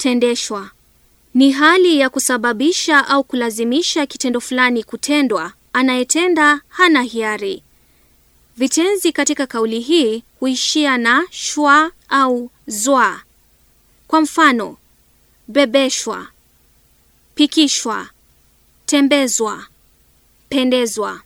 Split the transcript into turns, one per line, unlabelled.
Tendeshwa ni hali ya kusababisha au kulazimisha kitendo fulani kutendwa. Anayetenda hana hiari. Vitenzi katika kauli hii huishia na shwa au zwa. Kwa mfano, bebeshwa, pikishwa, tembezwa,
pendezwa.